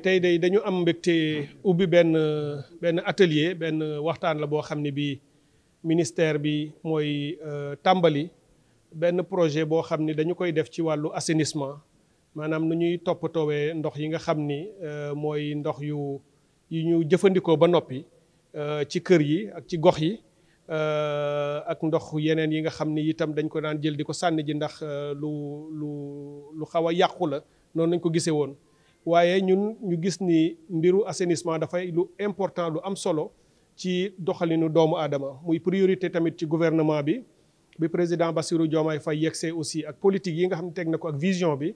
tey day dañu am mbégte ubbi benn benn atelier benn waxtaan la boo xam ne bii ministère bi mooy euh, tàmbali benn projet boo xam ni dañu koy def ci wàllu assainissement maanaam nu ñuy toppatoowee ndox yi nga xam ni euh, mooy ndox yu yu ñu jëfandikoo ba noppi euh, ci kër yi ak ci gox yi ak ndox yeneen yi nga xam ni itam dañ ko daan jël di ko sànni ji ndax lu lu lu xaw a yàqu la noonu lañ ko gisee woon waaye ñun ñu gis ni mbiru assainissement dafay lu important lu am solo ci doxalinu doomu aadama muy priorité tamit ci gouvernement bi bi président Bassirou Diomaye Faye yegsee aussi ak politique yi nga xam ne teg na ko ak vision bi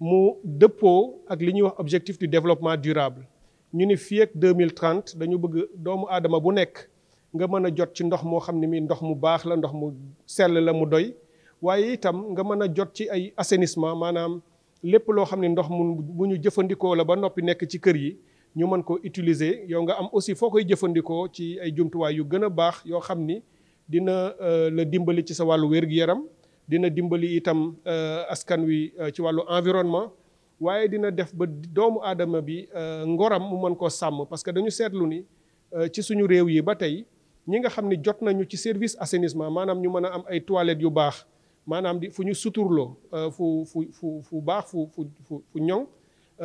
mu dëppoo ak li ñuy wax objectif du développement durable ñu ni fii ak 2030 dañu bëgg doomu aadama bu nekk nga mën a jot ci ndox moo xam ne mii ndox mu baax la ndox mu sell la mu doy waaye itam nga mën a jot ci ay assainissement maanaam lépp loo xam ne ndox mun bu ñu jëfandikoo la ba noppi nekk ci kër yi ñu mën ko utiliser yow nga am aussi foo koy jëfandikoo ci ay jumtuwaay yu gën a baax yoo xam ni dina euh, la dimbali ci sa wàllu wér-gu-yaram dina dimbali itam euh, askan wi euh, ci wàllu environnement waaye dina def ba doomu aadama bi ngoram mu mën koo sàmm parce que dañu seetlu ni ci suñu réew yi ba tey ñi nga xam ni jot nañu ci service assainissement maanaam ñu mën a am ay toilettes yu baax maanaam di fu ñu suturloo euh, fu fu fu fu baax fu fu fu fu ñoŋ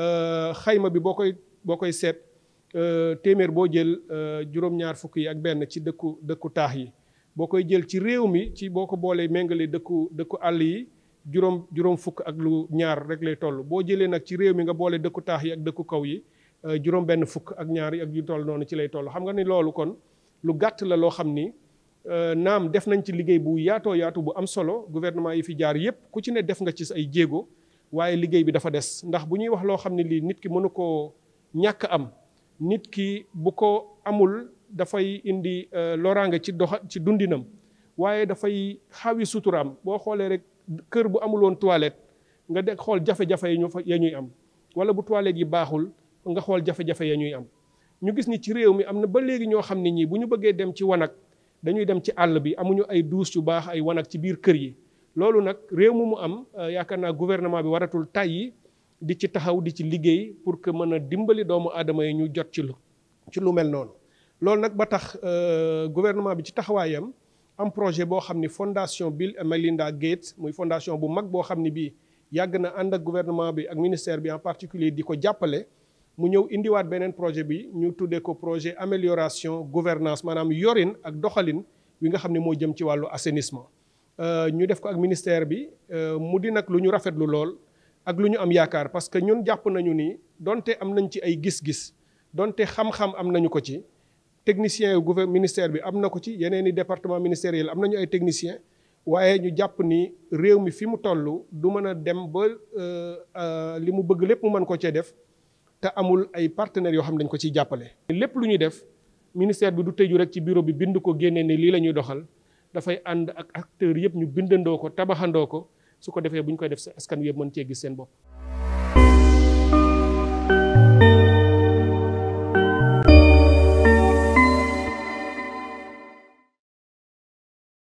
euh, xayma bi boo koy boo koy seet euh, téeméer boo jël juróom-ñaar fukk yi ak benn ci dëkku dëkku taax yi boo koy jël ci réew mi ci boo ko boolee méngale dëkku dëkku àll yi juróom juróom fukk ak lu ñaar rek lay toll boo jëlee nag ci réew mi nga boole dëkku taax yi ak dëkku kaw yi juróom fukk ak ñaar yi ak yu toll noonu ci lay toll xam nga ni loolu kon lu gàtt la loo xam ni Euh, naam def nañ ci liggéey bu yaatoo yaatu bu am solo gouvernement yi fi jaar yépp ku ci ne def nga ci ay jéego waaye liggéey bi dafa des ndax bu ñuy wax loo xam ne lii nit ki mënu koo ñàkk am nit ki bu ko amul dafay indi euh, loraange ci doxa ci dundinam waaye dafay xawi suturaam boo xoolee rek kër bu amuloon toilette nga de xool jafe-jafe yi ñu fa ya ñuy am wala bu toilette yi baaxul nga xool jafe-jafe ya ñuy am ñu gis ni ci réew mi am na ba léegi ñoo xam ne ñii bu ñu bëggee dem ci wanag dañuy dem ci àll bi amuñu ay douche yu baax ay wanag ci biir kër yi loolu nag réew mu mu am euh, yaakaar naa gouvernement bi waratul tàyyi di ci taxaw di ci liggéey pour que mën a dimbali doomu aadama yi ñu jot ci lu ci lu mel noonu loolu nag ba tax euh, gouvernement bi ci taxawaayam am projet boo xam ni fondation Bill et Melinda Gates muy fondation bu mag boo xam ni bii yàgg na ànd ak gouvernement bi ak ministère bi en particulier di ko jàppale mu ñëw indiwaat beneen projet bi ñu tuddee ko projet amélioration gouvernance maanaam yorin ak doxalin wi nga xam ne moo jëm ci wàllu assainissement euh, ñu def ko ak ministère bi euh, mu di nag lu ñu rafetlu lool ak lu ñu am yaakaar parce que ñun jàpp nañu nii donte am nañ ci ay gis-gis donte xam-xam am nañu ko ci technicien yu gouvernement ministère bi am na ko ci yeneen i département ministériel am nañu ay technicien waaye ñu jàpp ni réew mi fi mu toll du mën a dem ba euh, li mu bëgg lépp mën ko cee def te amul ay partenaires yoo xam ne dañ ko ciy jàppale. lépp lu ñuy def ministère bi du tëju rek ci bureau bi bind ko génnee ne lii la ñuy doxal dafay ànd ak acteurs yëpp ñu bindandoo ko tabaxandoo ko su ko defee bu ñu koy def sa askan wi yëpp mën cee gis seen bopp.